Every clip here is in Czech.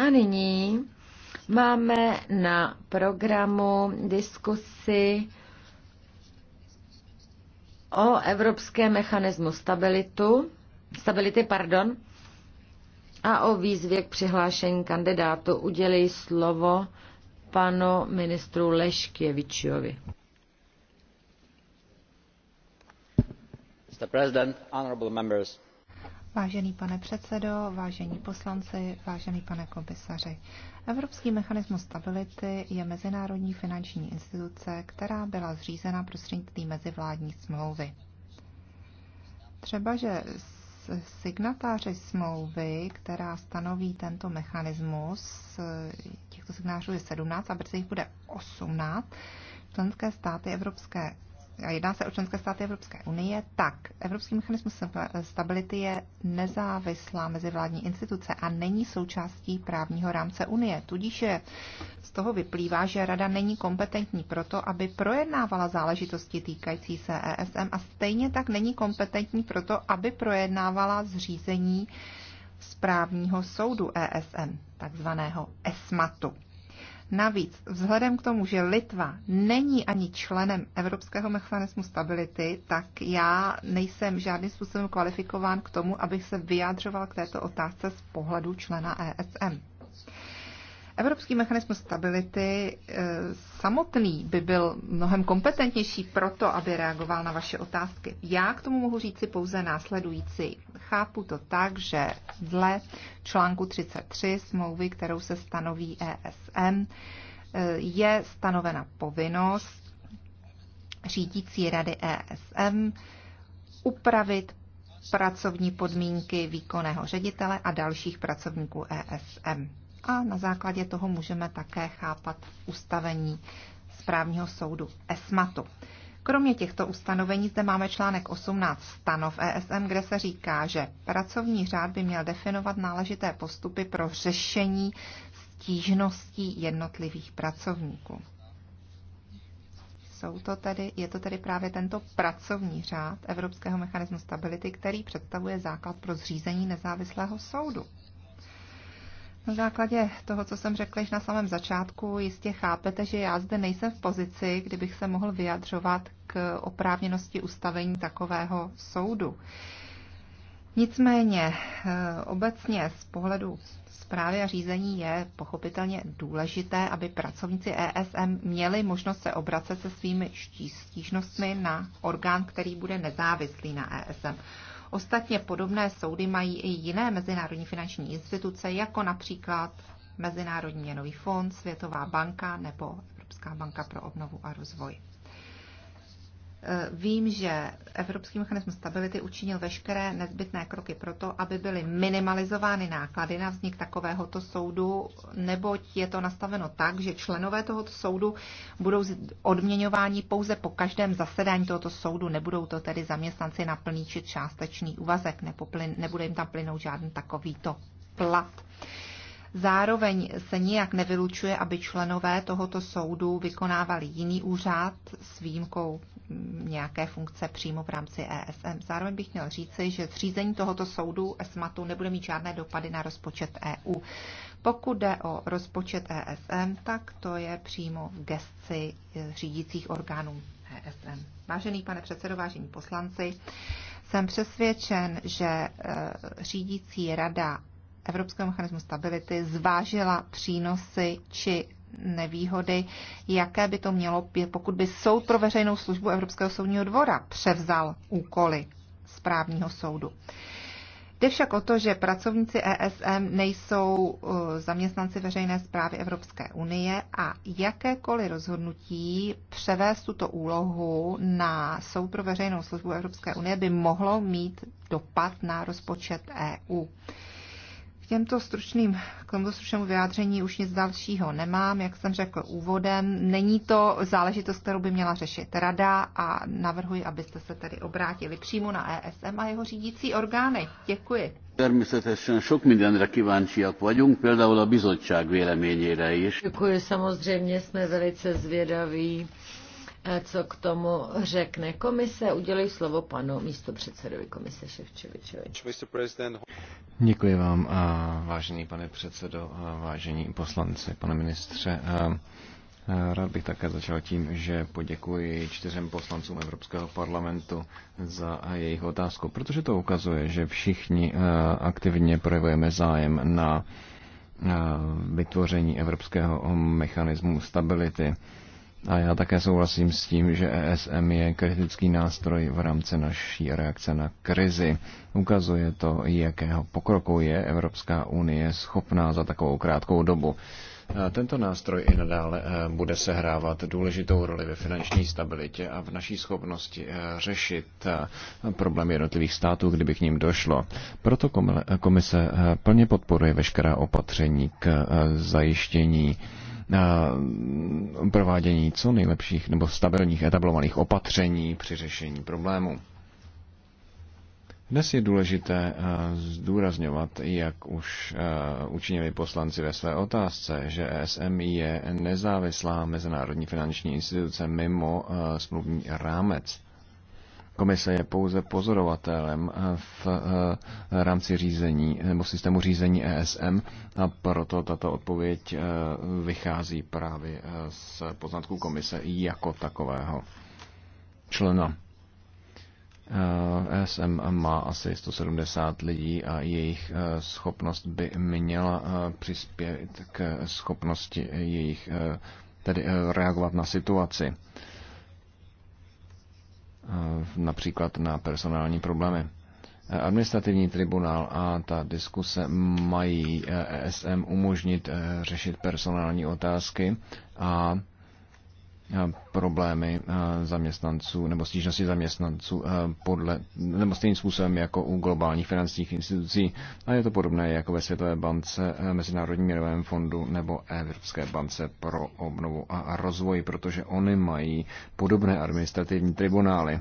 A nyní máme na programu diskusy o evropské mechanismu stabilitu, stability pardon, a o výzvě k přihlášení kandidátu udělí slovo panu ministru Leškěvičovi. Mr. President, honorable members, Vážený pane předsedo, vážení poslanci, vážený pane komisaři, Evropský mechanismus stability je mezinárodní finanční instituce, která byla zřízena prostřednictvím mezivládní smlouvy. Třeba, že signatáři smlouvy, která stanoví tento mechanismus, těchto signářů je 17 a brzy jich bude 18, členské státy Evropské jedná se o členské státy Evropské unie, tak Evropský mechanismus stability je nezávislá mezivládní instituce a není součástí právního rámce unie. Tudíž je, z toho vyplývá, že Rada není kompetentní proto, aby projednávala záležitosti týkající se ESM a stejně tak není kompetentní proto, aby projednávala zřízení správního soudu ESM, takzvaného ESMATu. Navíc, vzhledem k tomu, že Litva není ani členem Evropského mechanismu stability, tak já nejsem žádným způsobem kvalifikován k tomu, abych se vyjadřoval k této otázce z pohledu člena ESM. Evropský mechanismus stability eh, samotný by byl mnohem kompetentnější pro to, aby reagoval na vaše otázky. Já k tomu mohu říci pouze následující. Chápu to tak, že dle článku 33 smlouvy, kterou se stanoví ESM, eh, je stanovena povinnost řídící rady ESM upravit pracovní podmínky výkonného ředitele a dalších pracovníků ESM a na základě toho můžeme také chápat ustavení správního soudu ESMATu. Kromě těchto ustanovení zde máme článek 18 stanov ESM, kde se říká, že pracovní řád by měl definovat náležité postupy pro řešení stížností jednotlivých pracovníků. Jsou to tedy, je to tedy právě tento pracovní řád Evropského mechanismu stability, který představuje základ pro zřízení nezávislého soudu. Na základě toho, co jsem řekla již na samém začátku, jistě chápete, že já zde nejsem v pozici, kdybych se mohl vyjadřovat k oprávněnosti ustavení takového soudu. Nicméně eh, obecně z pohledu zprávy a řízení je pochopitelně důležité, aby pracovníci ESM měli možnost se obracet se svými stížnostmi na orgán, který bude nezávislý na ESM. Ostatně podobné soudy mají i jiné mezinárodní finanční instituce, jako například Mezinárodní měnový fond, Světová banka nebo Evropská banka pro obnovu a rozvoj. Eh, vím, že Evropský mechanismus stability učinil veškeré nezbytné kroky pro to, aby byly minimalizovány náklady na vznik takovéhoto soudu, neboť je to nastaveno tak, že členové tohoto soudu budou odměňováni pouze po každém zasedání tohoto soudu, nebudou to tedy zaměstnanci na plný či částečný úvazek, nebude jim tam plynout žádný takovýto plat. Zároveň se nijak nevylučuje, aby členové tohoto soudu vykonávali jiný úřad s výjimkou nějaké funkce přímo v rámci ESM. Zároveň bych měl říci, že zřízení tohoto soudu ESMATu nebude mít žádné dopady na rozpočet EU. Pokud jde o rozpočet ESM, tak to je přímo v gesci řídících orgánů ESM. Vážený pane předsedo, vážení poslanci, jsem přesvědčen, že eh, řídící rada Evropského mechanismu stability zvážila přínosy či nevýhody, jaké by to mělo, pokud by soud pro veřejnou službu Evropského soudního dvora převzal úkoly správního soudu. Jde však o to, že pracovníci ESM nejsou eh, zaměstnanci veřejné zprávy Evropské unie a jakékoliv rozhodnutí převést tuto úlohu na soud pro veřejnou službu Evropské unie by mohlo mít dopad na rozpočet EU těmto stručným, k tomuto stručnému vyjádření už nic dalšího nemám. Jak jsem řekl úvodem, není to záležitost, kterou by měla řešit rada a navrhuji, abyste se tedy obrátili přímo na ESM a jeho řídící orgány. Děkuji. Természetesen sok mindenre kíváncsiak vagyunk, például a bizottság véleményére is. Děkuji, samozřejmě jsme velice zvědaví, eh, co k tomu řekne komise. Udělej slovo panu předsedovi komise Ševčevičovi. Děkuji vám, vážený pane předsedo, vážení poslanci, pane ministře. Rád bych také začal tím, že poděkuji čtyřem poslancům Evropského parlamentu za jejich otázku, protože to ukazuje, že všichni aktivně projevujeme zájem na vytvoření evropského mechanismu stability. A já také souhlasím s tím, že ESM je kritický nástroj v rámci naší reakce na krizi. Ukazuje to, jakého pokroku je Evropská unie schopná za takovou krátkou dobu. Tento nástroj i nadále e, bude sehrávat důležitou roli ve finanční stabilitě a v naší schopnosti e, řešit e, problémy jednotlivých států, kdyby k ním došlo. Proto komise plně podporuje veškerá opatření k zajištění Eh, provádění co nejlepších nebo stabilních etablovaných opatření při řešení problému. Dnes je důležité eh, zdůrazňovat, jak už eh, učinili poslanci ve své otázce, že ESM je nezávislá mezinárodní finanční instituce mimo smluvní rámec. Komise je pouze pozorovatelem eh, v rámci řízení nebo systému řízení ESM a proto tato odpověď eh, vychází právě eh, z poznatků komise jako takového člena. ESM e má asi 170 lidí a jejich schopnost by měla přispět k schopnosti jejich tedy reagovat na situaci. Eh, například na personální problémy. Eh, administrativní tribunál a ta diskuse mají ESM eh, e umožnit řešit personální otázky a Eh, problémy eh, zaměstnanců nebo stížnosti zaměstnanců eh, podle, nebo stejným způsobem jako u globálních finančních institucí a je to podobné jako ve Světové bance, Mezinárodním měrovém fondu nebo Evropské bance pro obnovu a rozvoj, protože oni mají podobné administrativní tribunály.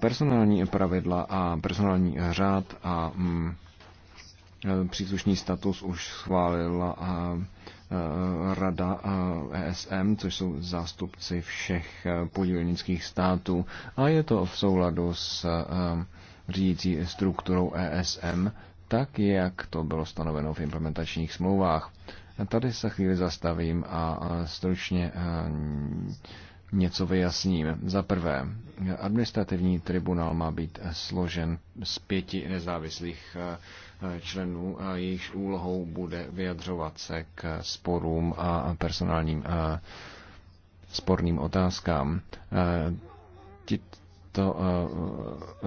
Personální pravidla a personální řád a mm, Eh, příslušný status už schválila eh, eh, Rada ESM, e což jsou zástupci všech podílnických států a je to v souladu s řídící strukturou ESM, tak jak to bylo stanoveno v implementačních smlouvách. Tady se chvíli zastavím a stručně něco vyjasním. Za prvé, administrativní tribunál má být složen z pěti nezávislých eh, členů, jejichž úlohou bude vyjadřovat se k sporům a personálním eh, sporným otázkám. Eh, tito,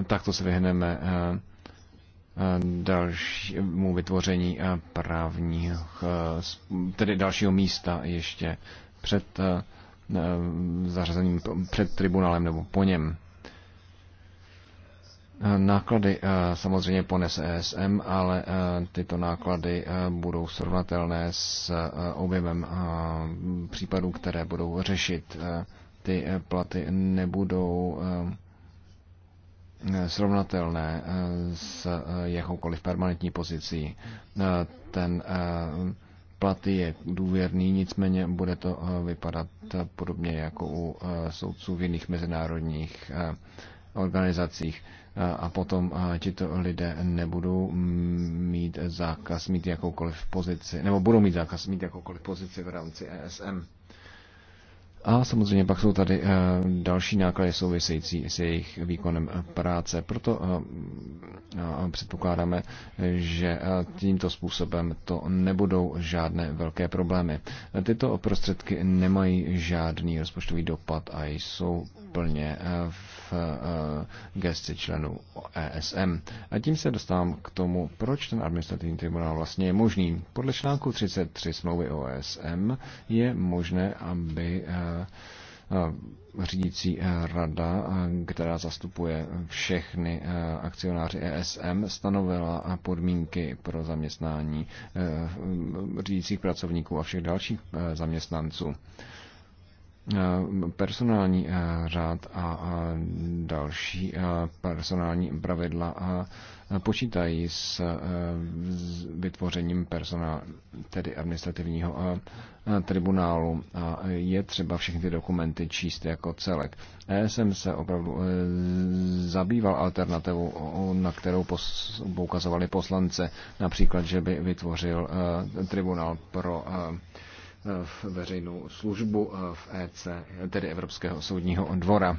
takto se vyhneme dalšímu vytvoření právních, tedy dalšího místa ještě před Eh, zařazením před tribunálem nebo po něm. Eh, náklady eh, samozřejmě ponese ESM, ale tyto náklady budou srovnatelné s objemem případů, které budou řešit. Ty platy nebudou srovnatelné s jakoukoliv permanentní pozicí. Ten plat je důvěrný, nicméně bude to eh, vypadat eh, podobně jako u eh, soudců v jiných mezinárodních organizacích a potom tito lidé nebudou mít zákaz mít jakoukoliv pozici, nebo budou mít zákaz mít jakoukoliv pozici v rámci ESM. A samozřejmě pak jsou tady eh, další náklady související s jejich výkonem eh, práce. Proto eh, předpokládáme, že tímto způsobem to nebudou žádné velké problémy. Tyto prostředky nemají žádný rozpočtový dopad a jsou plně eh, v eh, gesti členů ESM. A tím se dostávám k tomu, proč ten administrativní tribunál vlastně je možný. Podle článku 33 smlouvy OSM je možné, aby eh, řídící rada, která zastupuje všechny akcionáři ESM, stanovila podmínky pro zaměstnání řídících pracovníků a všech dalších zaměstnanců. Eh, personální eh, řád a další eh, personální pravidla počítají s vytvořením personál, tedy administrativního tribunálu a je třeba všechny ty dokumenty číst jako celek. ESM se opravdu zabýval alternativou, na kterou poukazovali poslance, například, že by vytvořil tribunál pro v veřejnou službu eh, v EC, tedy Evropského soudního dvora.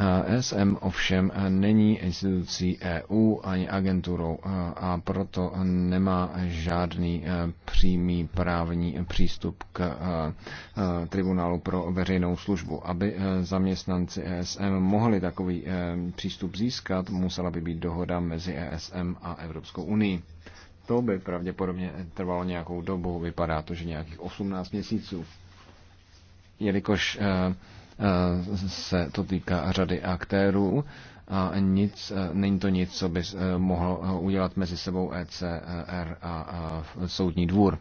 Eh, e SM ovšem eh, není institucí EU ani agenturou a proto nemá žádný přímý právní přístup k Tribunálu pro veřejnou službu. Aby zaměstnanci ESM mohli takový přístup získat, musela by být dohoda mezi ESM a Evropskou unii. To by pravděpodobně trvalo nějakou dobu, vypadá to, že nějakých 18 měsíců. Jelikož eh, eh, se to týká řady aktérů a nic, eh, není to nic, co by mohl udělat mezi sebou ECR a soudní dvůr.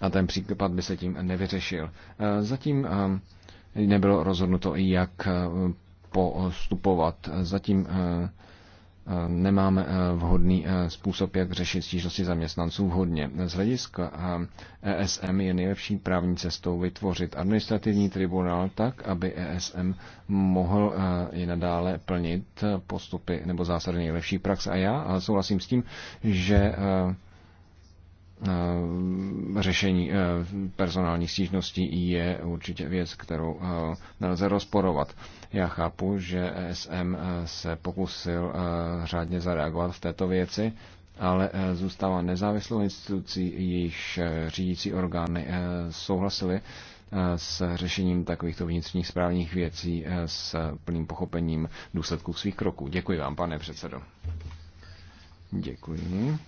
A ten případ by se tím nevyřešil. Zatím nebylo rozhodnuto, jak postupovat. Zatím Eh, nemáme eh, vhodný eh, způsob, jak řešit stížnosti zaměstnanců vhodně. Z hlediska ESM e je nejlepší právní cestou vytvořit administrativní tribunál tak, aby ESM mohl i nadále plnit postupy nebo zásady nejlepší praxe. A já souhlasím s tím, že Eh, řešení eh, personální stížností je určitě věc, kterou eh, nelze rozporovat. Já chápu, že SM se pokusil řádně zareagovat v této věci, ale zůstává nezávislou institucí, jejichž řídící orgány souhlasily s řešením takovýchto vnitřních správních věcí s plným pochopením důsledků svých kroků. Děkuji vám, pane předsedo. Děkuji.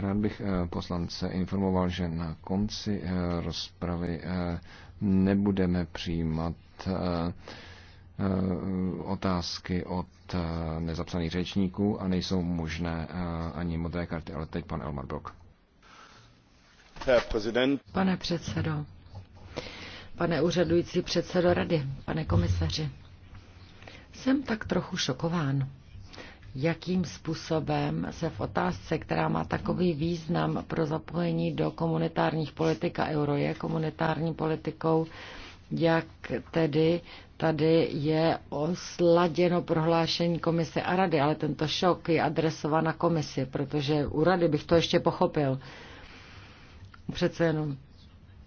Rád bych eh, poslance informoval, že na konci eh, rozpravy eh, nebudeme přijímat otázky od nezapsaných řečníků a nejsou možné ani modré karty, ale teď pan Elmar Brok. Pane předsedo, pane úřadující předsedo rady, pane komisaři, jsem tak trochu šokován jakým způsobem se v otázce, která má takový význam pro zapojení do komunitárních politik a euro je komunitární politikou, jak tedy tady je osladěno prohlášení komise a rady, ale tento šok je adresován na komisi, protože u rady bych to ještě pochopil. Přece jenom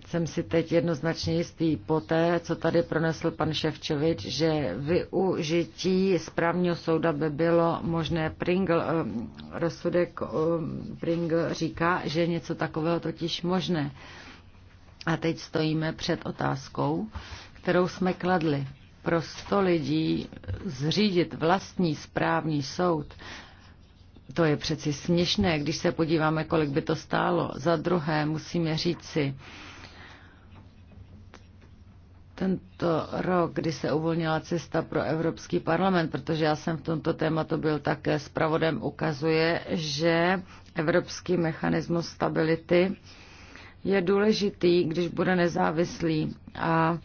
jsem si teď jednoznačně jistý po té, co tady pronesl pan Ševčovič, že využití správního souda by bylo možné. Pringle, eh, rozsudek eh, Pringle říká, že něco takového totiž možné. A teď stojíme před otázkou, kterou jsme kladli. Pro sto lidí zřídit vlastní správní soud to je přeci směšné, když se podíváme, kolik by to stálo. Za druhé musíme říci, tento rok, kdy se uvolnila cesta pro Evropský parlament, protože já jsem v tomto tématu byl také zpravodem, ukazuje, že Evropský mechanismus stability je důležitý, když bude nezávislý a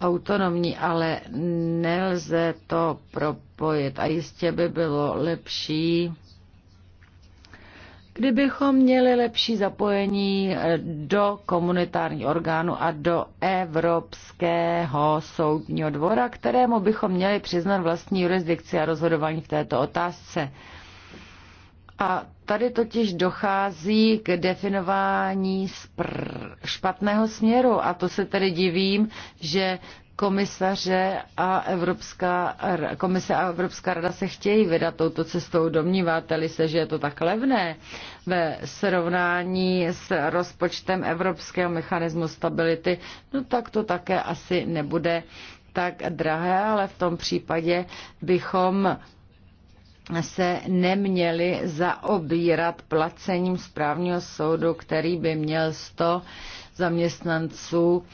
autonomní, ale nelze to propojit a jistě by bylo lepší Kdybychom měli lepší zapojení eh, do komunitární orgánu a do Evropského soudního dvora, kterému bychom měli přiznat vlastní jurisdikci a rozhodování v této otázce. A tady totiž dochází k definování špatného směru a to se tedy divím, že komisaře a Evropská, komise a Evropská rada se chtějí vydat touto cestou. Domníváte-li se, že je to tak levné ve srovnání s rozpočtem Evropského mechanismu stability, no tak to také asi nebude tak drahé, ale v tom případě bychom se neměli zaobírat placením správního soudu, který by měl 100 zaměstnanců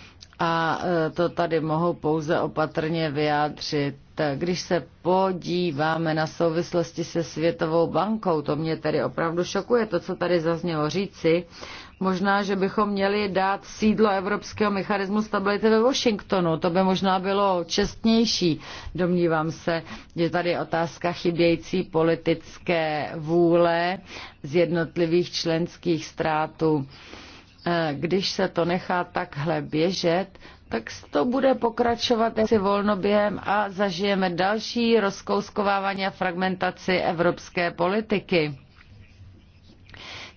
a e, to tady mohu pouze opatrně vyjádřit. Když se podíváme na souvislosti se Světovou bankou, to mě tedy opravdu šokuje, to, co tady zaznělo říci, možná, že bychom měli dát sídlo Evropského mechanismu stability ve Washingtonu. To by možná bylo čestnější. Domnívám se, že tady je otázka chybějící politické vůle z jednotlivých členských států Eh, když se to nechá takhle běžet, tak to bude pokračovat si volnoběhem a zažijeme další rozkouskovávání a fragmentaci evropské politiky.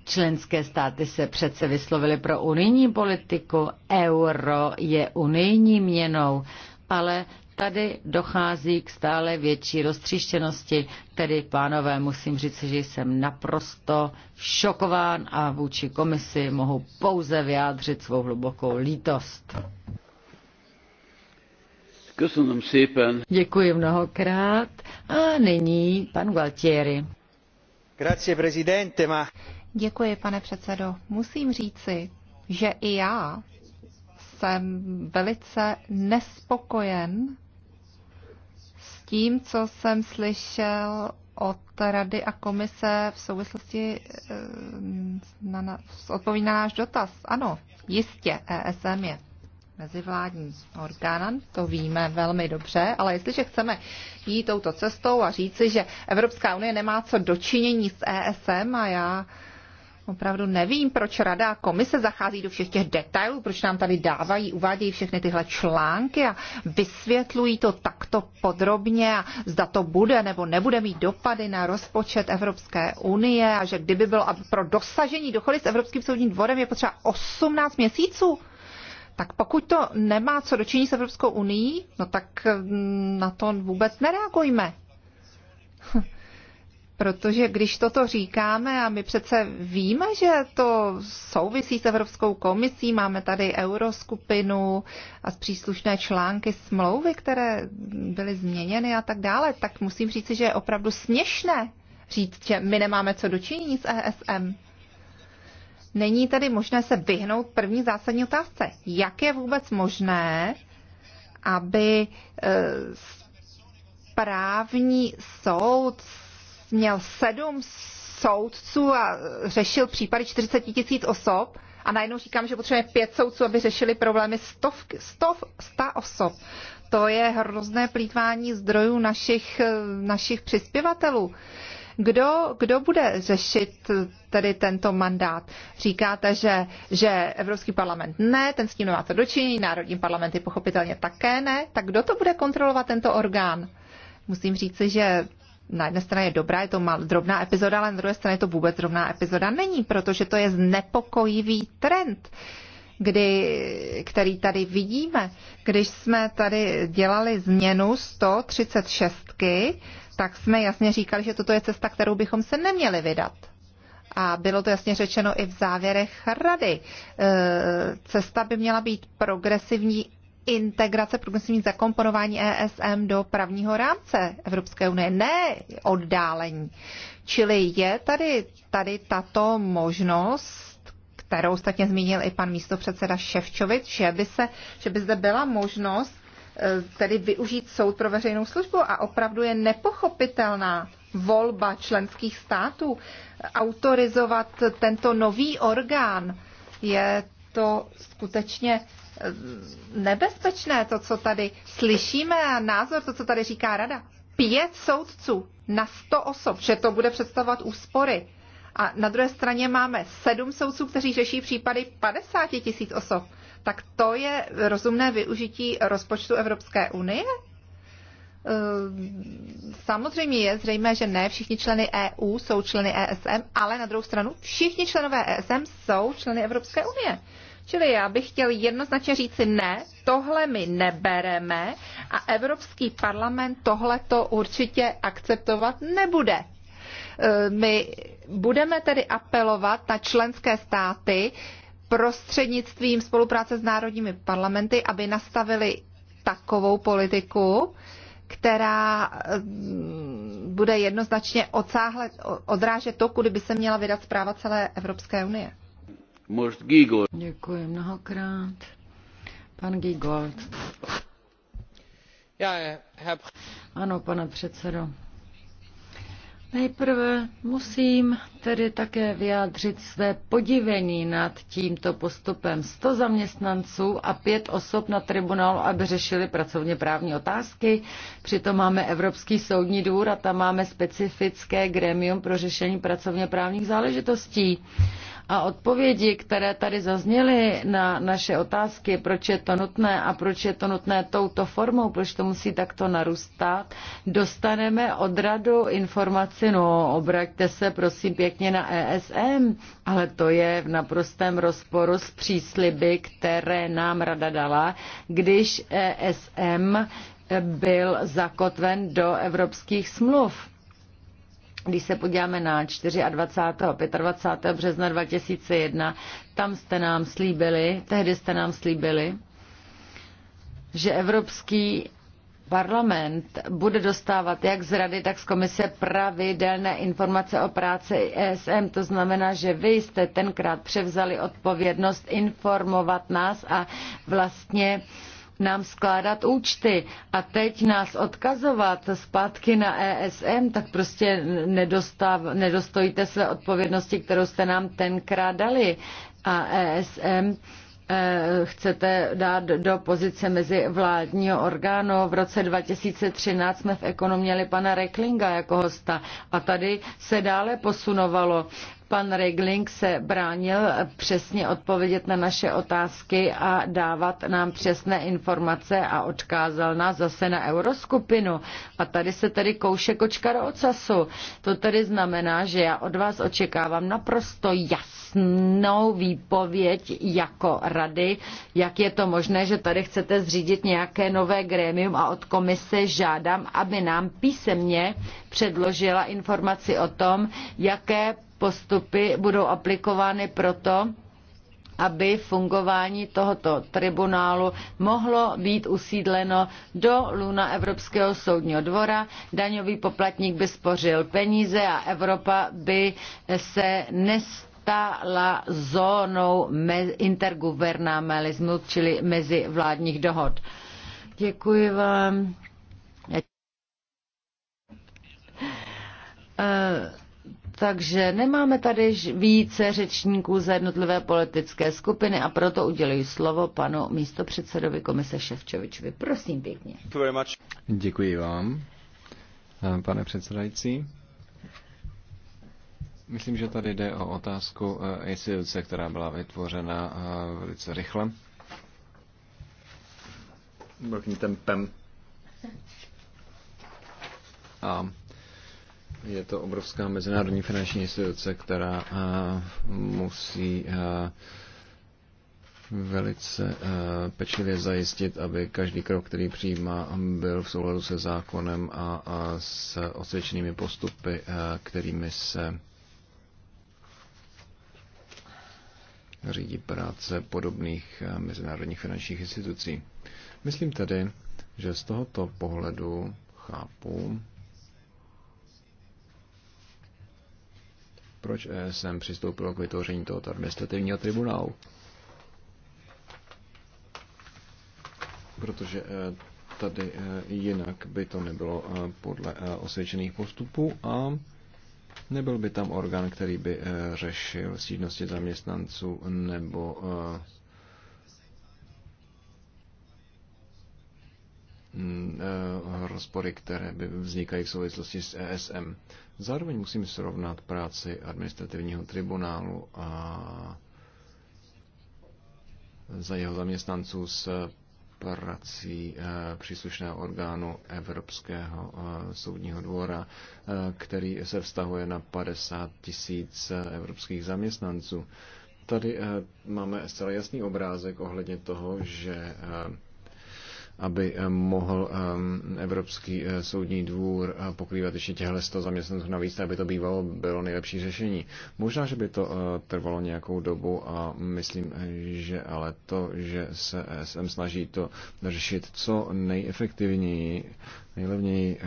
Členské státy se přece vyslovily pro unijní politiku. Euro je unijní měnou, ale Tady dochází k stále větší roztříštěnosti, tedy pánové, musím říct, že jsem naprosto šokován a vůči komisi mohu pouze vyjádřit svou hlubokou lítost. Děkuji mnohokrát. A nyní pan Gualtieri. Grazie, prezidente, ma... Děkuji, pane předsedo. Musím říci, že i já jsem velice nespokojen tím, co jsem slyšel od Rady a komise v souvislosti eh, na, na, odpovědí na náš dotaz. Ano, jistě, ESM je mezivládní orgán, to víme velmi dobře, ale jestliže chceme jít touto cestou a říci, že Evropská unie nemá co dočinění s ESM a já uh, Opravdu nevím, proč Rada a komise zachází do všech těch detailů, proč nám tady dávají, uvádějí všechny tyhle články a vysvětlují to takto podrobně a zda to bude nebo nebude mít dopady na rozpočet Evropské unie a že kdyby bylo pro dosažení dochody s Evropským soudním dvorem je potřeba 18 měsíců. Tak pokud to nemá co dočinit s Evropskou unii, no tak mm, na to vůbec nereagujme. Protože když toto říkáme a my přece víme, že to souvisí s Evropskou komisí, máme tady euroskupinu a příslušné články smlouvy, které byly změněny a tak dále, tak musím říci, že je opravdu směšné říct, že my nemáme co dočinění s ESM. Není tedy možné se vyhnout první zásadní otázce. Jak je vůbec možné, aby eh, právní soud měl sedm soudců a řešil případy 40 tisíc osob a najednou říkám, že potřebujeme pět soudců, aby řešili problémy stovky, stov, sta osob. To je hrozné plítvání zdrojů našich, našich přispěvatelů. Kdo, kdo bude řešit tedy tento mandát? Říkáte, že, že Evropský parlament ne, ten s tím nemá co dočinění, národní parlamenty pochopitelně také ne, tak kdo to bude kontrolovat tento orgán? Musím říci, že na jedné straně je dobrá, je to mal, drobná epizoda, ale na druhé straně to vůbec drobná epizoda není, protože to je znepokojivý trend, kdy, který tady vidíme. Když jsme tady dělali změnu 136, tak jsme jasně říkali, že toto je cesta, kterou bychom se neměli vydat. A bylo to jasně řečeno i v závěrech rady. E, cesta by měla být progresivní integrace progresivní zakomponování ESM do právního rámce Evropské unie, ne oddálení. Čili je tady, tady tato možnost, kterou ostatně zmínil i pan místopředseda Ševčovič, že by, se, že by zde byla možnost eh, tedy využít soud pro veřejnou službu a opravdu je nepochopitelná volba členských států autorizovat tento nový orgán. Je to skutečně nebezpečné, to, co tady slyšíme a názor, to, co tady říká rada. Pět soudců na sto osob, že to bude představovat úspory. A na druhé straně máme sedm soudců, kteří řeší případy 50 tisíc osob. Tak to je rozumné využití rozpočtu Evropské unie? Ehm, samozřejmě je zřejmé, že ne všichni členy EU jsou členy ESM, ale na druhou stranu všichni členové ESM jsou členy Evropské unie. Čili já bych chtěl jednoznačně říci ne, tohle my nebereme a Evropský parlament tohle to určitě akceptovat nebude. E, my budeme tedy apelovat na členské státy prostřednictvím spolupráce s národními parlamenty, aby nastavili takovou politiku, která e, bude jednoznačně odsáhle, odrážet to, kudy by se měla vydat zpráva celé Evropské unie. Most Gigol. Děkuji mnohokrát. Pan Giegold. Eh, ano, pane předsedo. Nejprve musím tedy také vyjádřit své podivení nad tímto postupem 100 zaměstnanců a pět osob na tribunálu, aby řešili pracovně právní otázky. Přitom máme Evropský soudní dvůr a tam máme specifické gremium pro řešení pracovně právních záležitostí. A odpovědi, které tady zazněly na naše otázky, proč je to nutné a proč je to nutné touto formou, proč to musí takto narůstat, dostaneme od radu informaci, no obraťte se prosím pěkně na ESM, ale to je v naprostém rozporu s přísliby, které nám rada dala, když ESM byl zakotven do evropských smluv když se podíváme na 24. a 25. března 2001, tam jste nám slíbili, tehdy jste nám slíbili, že Evropský Parlament bude dostávat jak z Rady, tak z Komise pravidelné informace o práci ESM. To znamená, že vy jste tenkrát převzali odpovědnost informovat nás a vlastně uh, nám skládat účty a teď nás odkazovat zpátky na ESM, tak prostě nedostav, nedostojíte své odpovědnosti, kterou jste nám tenkrát dali. A ESM eh, chcete dát do pozice mezi vládního orgánu. V roce 2013 jsme v ekonomě měli pana Recklinga jako hosta a tady se dále posunovalo Pan Regling se bránil přesně odpovědět na naše otázky a dávat nám přesné informace a odkázal nás zase na euroskupinu. A tady se tedy kouše kočka do ocasu. To tedy znamená, že já od vás očekávám naprosto jasnou výpověď jako rady, jak je to možné, že tady chcete zřídit nějaké nové grémium a od komise žádám, aby nám písemně předložila informaci o tom, jaké postupy budou aplikovány proto, aby fungování tohoto tribunálu mohlo být usídleno do luna Evropského soudního dvora, daňový poplatník by spořil peníze a Evropa by se nestala zónou intergovernmentalismu, čili vládních dohod. Děkuji vám. Uh, takže nemáme tady více řečníků za jednotlivé politické skupiny a proto uděluji slovo panu místopředsedovi komise Ševčovičovi. Prosím pěkně. Děkuji vám, eh, pane předsedající. Myslím, že tady jde o otázku eh, instituce, která byla vytvořena eh, velice rychle. Velkým tempem. A je to obrovská mezinárodní finanční instituce, která eh, musí eh, velice eh, pečlivě zajistit, aby každý krok, který přijímá, byl v souladu se zákonem a s osvědčenými postupy, kterými se řídí práce podobných mezinárodních finančních institucí. Myslím tedy, že z tohoto pohledu chápu, proč jsem e přistoupil k vytvoření tohoto administrativního tribunálu. Protože eh, tady eh, jinak by to nebylo eh, podle osvědčených postupů a nebyl by tam orgán, který by řešil stížnosti zaměstnanců nebo mm, rozpory, které by vznikají v souvislosti s ESM. Zároveň musím srovnat práci administrativního tribunálu a za jeho zaměstnanců s prací eh, příslušného orgánu Evropského eh, soudního dvora, eh, který se vztahuje na 50 tisíc evropských zaměstnanců. Tady máme zcela jasný obrázek ohledně toho, že aby eh, mohl eh, Evropský eh, soudní dvůr pokrývat ještě těchto 100 zaměstnanců navíc, aby to bývalo bylo nejlepší řešení. Možná, že by to trvalo nějakou dobu a myslím, že ale to, že se SM snaží to řešit co nejefektivněji, nejlevněji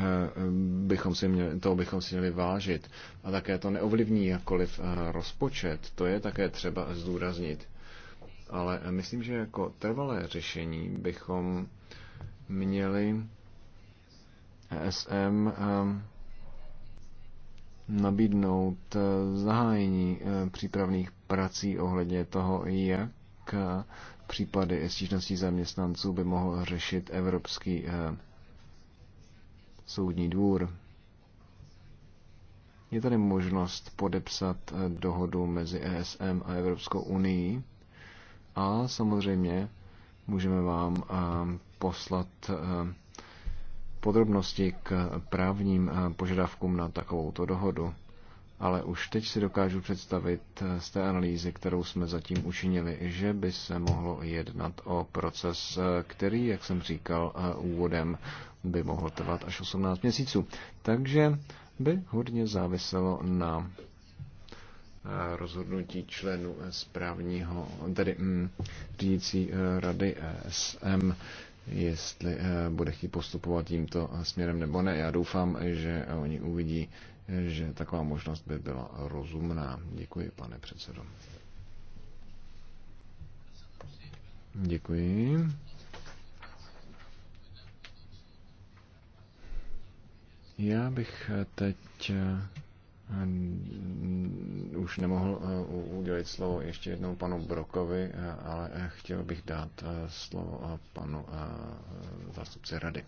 bychom si měli, to bychom si měli vážit. A také to neovlivní jakkoliv rozpočet, to je také třeba zdůraznit. Ale myslím, že jako trvalé řešení bychom měli ESM ehm, nabídnout eh, zahájení eh, přípravných prací ohledně toho, jak eh, případy stížností zaměstnanců by mohl řešit Evropský soudní dvůr. Je tady možnost podepsat dohodu mezi ESM a Evropskou unii a samozřejmě můžeme vám ehm, poslat eh, podrobnosti k právním eh, požadavkům na takovouto dohodu. Ale už teď si dokážu představit eh, z té analýzy, kterou jsme zatím učinili, že by se mohlo jednat o proces, který, jak jsem říkal úvodem, by mohl trvat až 18 měsíců. Takže by hodně záviselo na rozhodnutí členů správního, tedy mm, řídící rady SM jestli eh, bude chtít postupovat tímto eh, směrem nebo ne. Já doufám, že eh, oni uvidí, že taková možnost by byla rozumná. Děkuji, pane předsedo. Děkuji. Já bych teď už nemohl eh, udělit slovo ještě jednou panu Brokovi, eh, ale eh, chtěl bych dát slovo panu zástupci rady.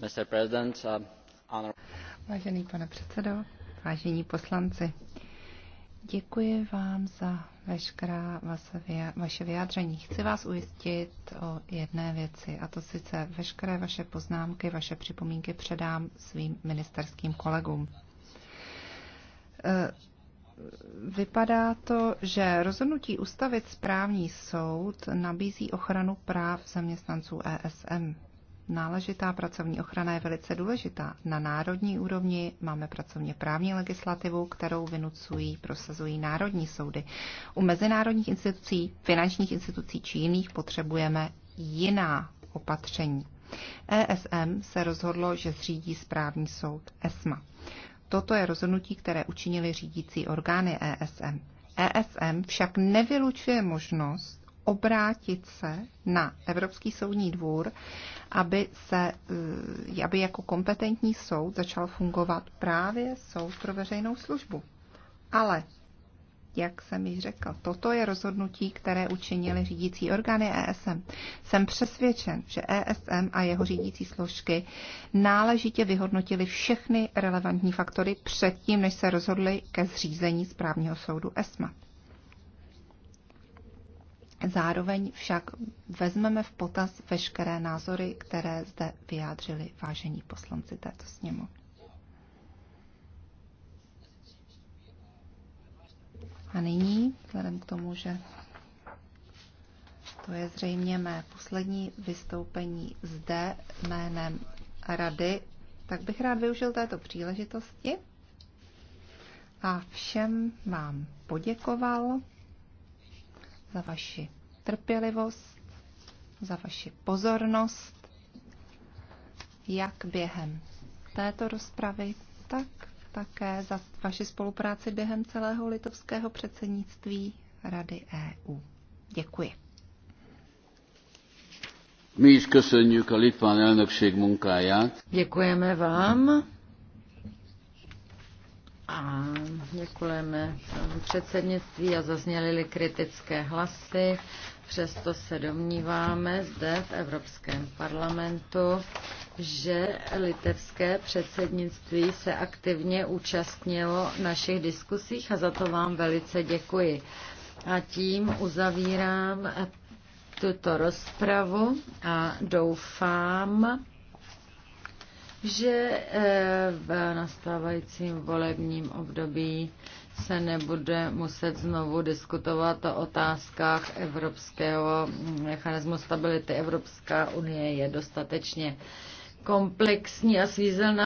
Mr. President, uh, honor... Vážený pane předsedo, vážení poslanci, Děkuji vám za veškerá vaše vyjádření. Chci vás ujistit o jedné věci, a to sice veškeré vaše poznámky, vaše připomínky předám svým ministerským kolegům. E, vypadá to, že rozhodnutí ustavit správní soud nabízí ochranu práv zaměstnanců ESM náležitá pracovní ochrana je velice důležitá. Na národní úrovni máme pracovně právní legislativu, kterou vynucují, prosazují národní soudy. U mezinárodních institucí, finančních institucí či jiných potřebujeme jiná opatření. ESM se rozhodlo, že zřídí správní soud ESMA. Toto je rozhodnutí, které učinili řídící orgány ESM. ESM však nevylučuje možnost, obrátit se na Evropský soudní dvůr, aby, se, eh, aby jako kompetentní soud začal fungovat právě soud pro veřejnou službu. Ale, jak jsem již řekl, toto je rozhodnutí, které učinili řídící orgány ESM. Jsem přesvědčen, že ESM a jeho řídící složky náležitě vyhodnotili všechny relevantní faktory předtím, než se rozhodli ke zřízení správního soudu ESMA. Zároveň však vezmeme v potaz veškeré názory, které zde vyjádřili vážení poslanci této sněmu. A nyní, vzhledem k tomu, že to je zřejmě mé poslední vystoupení zde jménem Rady, tak bych rád využil této příležitosti a všem vám poděkoval za vaši trpělivost, za vaši pozornost, jak během této rozpravy, tak také za vaši spolupráci během celého litovského předsednictví Rady EU. Děkuji. Mi is Děkujeme vám. A děkujeme předsednictví a zazněly kritické hlasy. Přesto se domníváme zde v Evropském parlamentu, že litevské předsednictví se aktivně účastnilo našich diskusích a za to vám velice děkuji. A tím uzavírám tuto rozpravu a doufám, že eh, v nastávajícím volebním období se nebude muset znovu diskutovat o otázkách evropského mm, mechanismu stability. Evropská unie je dostatečně komplexní a svízelná.